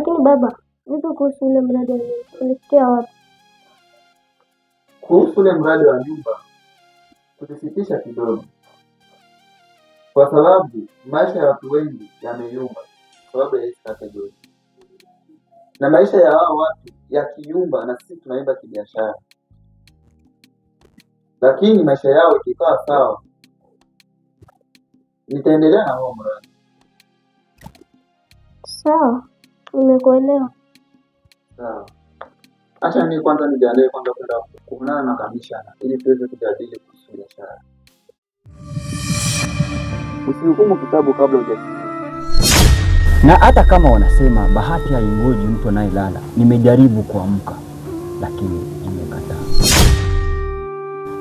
Lakini baba, vipi kuhusu ule mradi wa nyumba? Ulifikia wapi? Kuhusu ule mradi wa nyumba tulisitisha kidogo, kwa sababu maisha ya watu wengi yameyumba sababu ya hizi kategori, na maisha ya hao watu yakiyumba, na sisi tunaimba kibiashara, lakini maisha yao ikikaa sawa, nitaendelea na huo mradi sawa. Nimekuelewa. Sawa. Acha ni kwanza nijiandae kwanza kwenda kuonana na kamishana ili tuweze kujadili kuhusu biashara. Usihukumu kitabu kabla hujakisoma. Na hata kama wanasema bahati haingoji mtu anayelala, nimejaribu kuamka lakini imekataa.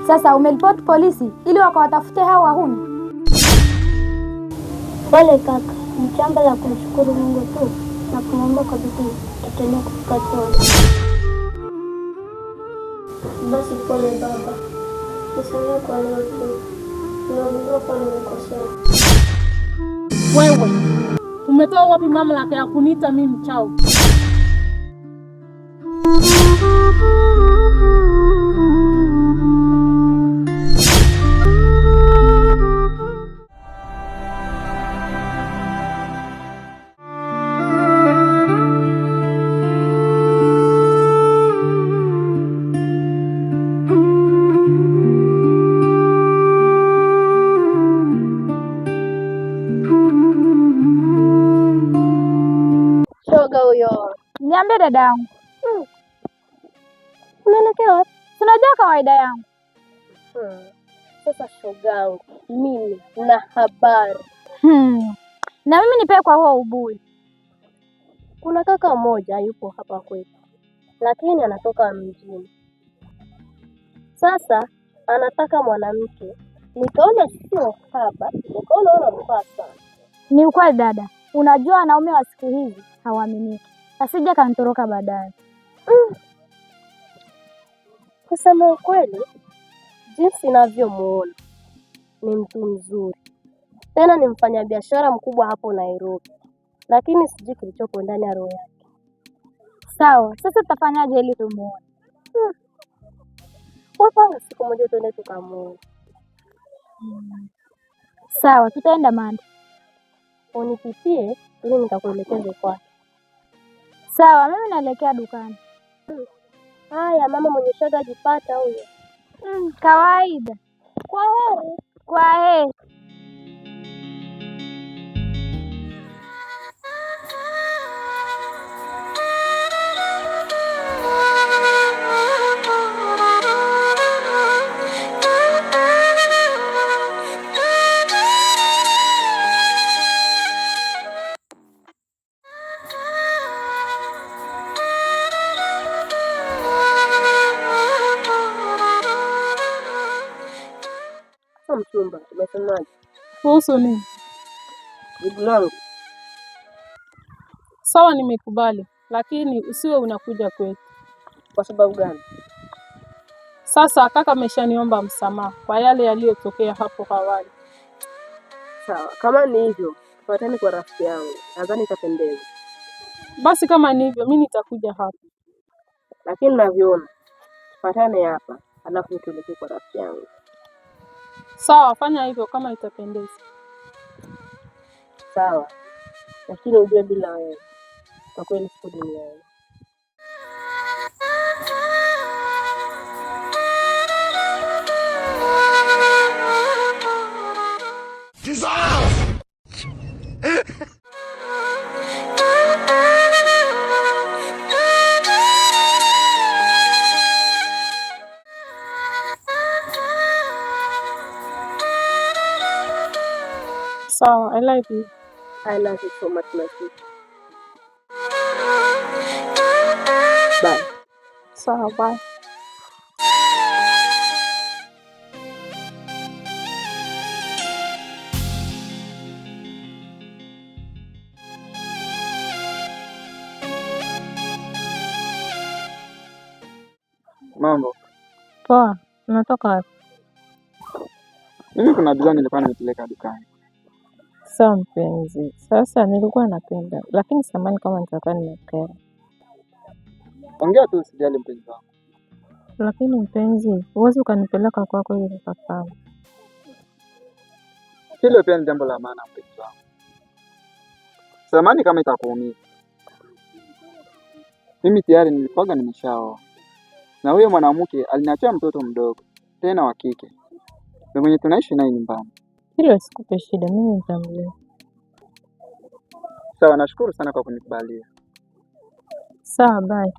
Sasa umeripoti polisi ili wakawatafute hao wahuni? Pole kaka, ni jambo la kumshukuru Mungu tu na kumwomba kwa bidii tutaenda kupatana. Basi pole baba, nisamehe kwa leo tu, ninagundua kuwa nimekosea. Wewe umetoa wapi mamlaka ya kuniita mimi mchawi? Niambie dada yangu, hmm. wapi? tunajua kawaida yangu hmm. Sasa shogangu, mimi na habari hmm. Na mimi nipee kwa huo ubui. Kuna kaka mmoja yupo hapa kwetu, lakini anatoka mjini. Sasa anataka mwanamke, nikaona sio haba, nikaona unamfaa sana. Ni ukweli dada, unajua wanaume wa siku hizi hawaaminiki asija kantoroka baadaye. Mm. Kusema ukweli, jinsi ninavyomuona ni mtu mzuri, tena ni mfanyabiashara mkubwa hapo Nairobi, lakini sijui kilichopo ndani ya roho yake. Sawa, sasa tutafanyaje ili tumuone? Hmm. Wapanga siku moja tuende tukamuona. Sawa, tutaenda Manda, unipitie ili nikakuelekeze kwake. Sawa, mimi naelekea dukani. Haya, mama mwenye shoga ajipata huyo. Mm, kawaida. Kwa heri. Kwa heri. mchumba, umesemaje kuhusu nini? Jibu langu sawa, nimekubali, lakini usiwe unakuja kwetu. Kwa sababu gani? Sasa kaka ameshaniomba msamaha kwa yale yaliyotokea hapo awali. Sawa, kama ni hivyo tupatane kwa rafiki yangu, nadhani itapendeza. Basi kama ni hivyo, mi nitakuja hapa, lakini navyoona tupatane hapa, alafu nituelekee kwa rafiki yangu. Sawa, fanya hivyo kama itapendeza. Sawa, lakini ujue bila wewe kwa kweli siko duniani. Desire! Sawa, I love you. I love you so much, my sweet. Bye. Sawa, bye. Mambo poa. Unatoka wapi? Mimi kuna bidhaa nilikuwa nimepeleka dukani. Sasa mpenzi, sasa nilikuwa napenda, lakini samani kama nitakuwa nimekera. Ongea tu usijali mpenzi wangu. Lakini mpenzi, huwezi ukanipeleka kwako ili nikafanye. Hilo pia ni jambo la maana mpenzi wangu. Samani kama itakuumiza. Mimi tayari nilikuwaga nimeshaoa. Na huyo mwanamke aliniachia mtoto mdogo, tena wa kike. Ndio mwenye tunaishi naye nyumbani. Hilo sikupe shida, mimi nitamlea. Sawa, nashukuru sana kwa kunikubalia. Sawa, bye.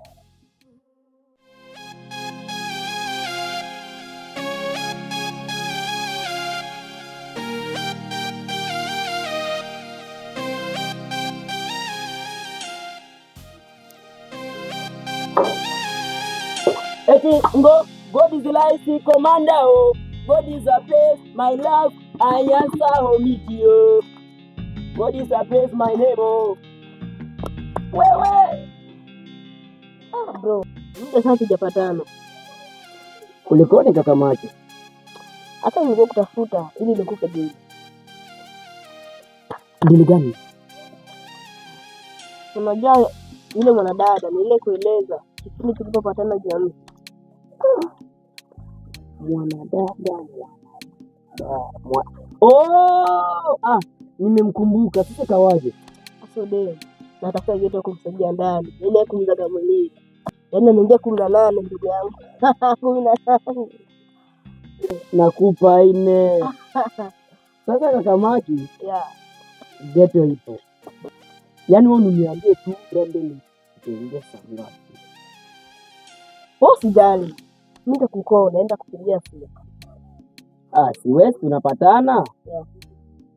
Eti ngo God is life commander oh God is a place my love I answer omiki o. What is that place, my name o. Wewe ah, bro, muda sasa tujapatana. Kulikoni kaka macho? Hata nilikuwa kutafuta ili nikupe dili. Dili gani? Unajua yule mwanadada nile kueleza kipindi tulipopatana jamii, ah. mwanadada Ah, oh! Ah, nimemkumbuka. Sasa kawaje? Asode. Natafuta yetu kumsaidia ndani. Yeye kumzaga mwili. Yaani anaingia kumi na nane ndugu yangu. kumi na nane. Nakupa ine. Sasa kakamaki. Yeah. Geto ipo. Yaani wewe uniambie tu Brandon. Tuingie sangapi? Wewe usijali. Mimi nitakukoa kupigia simu. Ah, siwezi tunapatana. Yeah.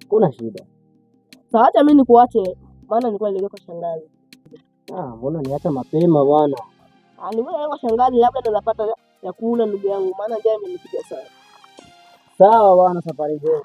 Kuna shida. Sasa acha mimi nikuache maana nilikuwa nilikuwa kwa shangazi. Ah, mbona niacha mapema bwana? Ah, wewe kwa shangazi labda ndo napata ya kula ndugu yangu maana ndiye amenipiga sana. Sawa bwana, safari njema.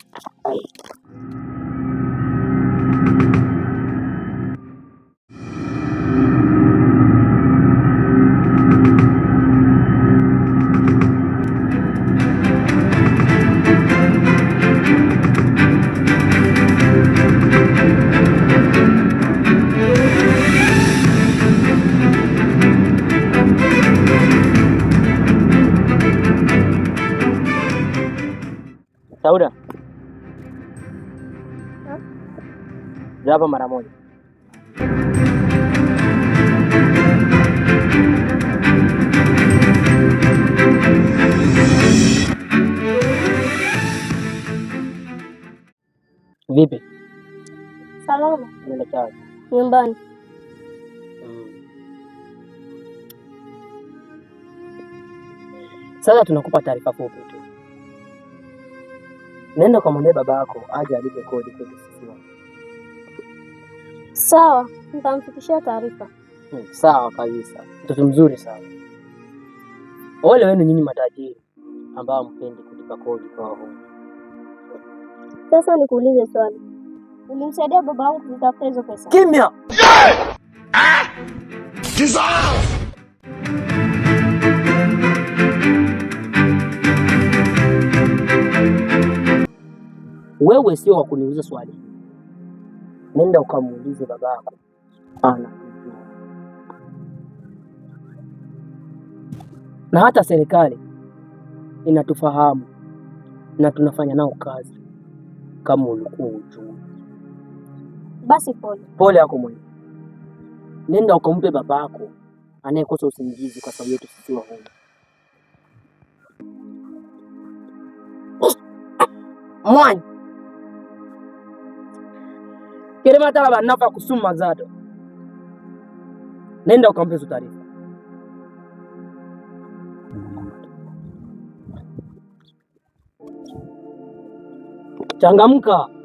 Sauda, ja hapa mara moja. Vipi? Salama. Unaelekea nyumbani? Hmm. Sasa tunakupa taarifa fupi tu. Naenda kwa mwanae baba yako aje alipe kodi kwetu sisi. Sawa, nitamfikishia taarifa. Hmm, sawa kabisa. Mtoto mzuri sana. Ole wenu nyinyi matajiri ambao mpendi kulipa kodi kwa wao. Sasa nikuulize swali. Ulimsaidia baba yangu kutafuta hizo pesa? Kimya. Yeah! Ah! wewe sio wa kuniuliza swali. Nenda ukamuulize yako. ana na hata serikali inatufahamu na tunafanya nao kazi, kama ulikuwa ujuu. Basi pole pole yako mwenye, nenda ukampe baba yako anayekosa usingizi kwa sababu yetu sisi wahuni. Mwani Kelematala nafa kusuma zado. Nenda ukampe hizo taarifa. Changamka.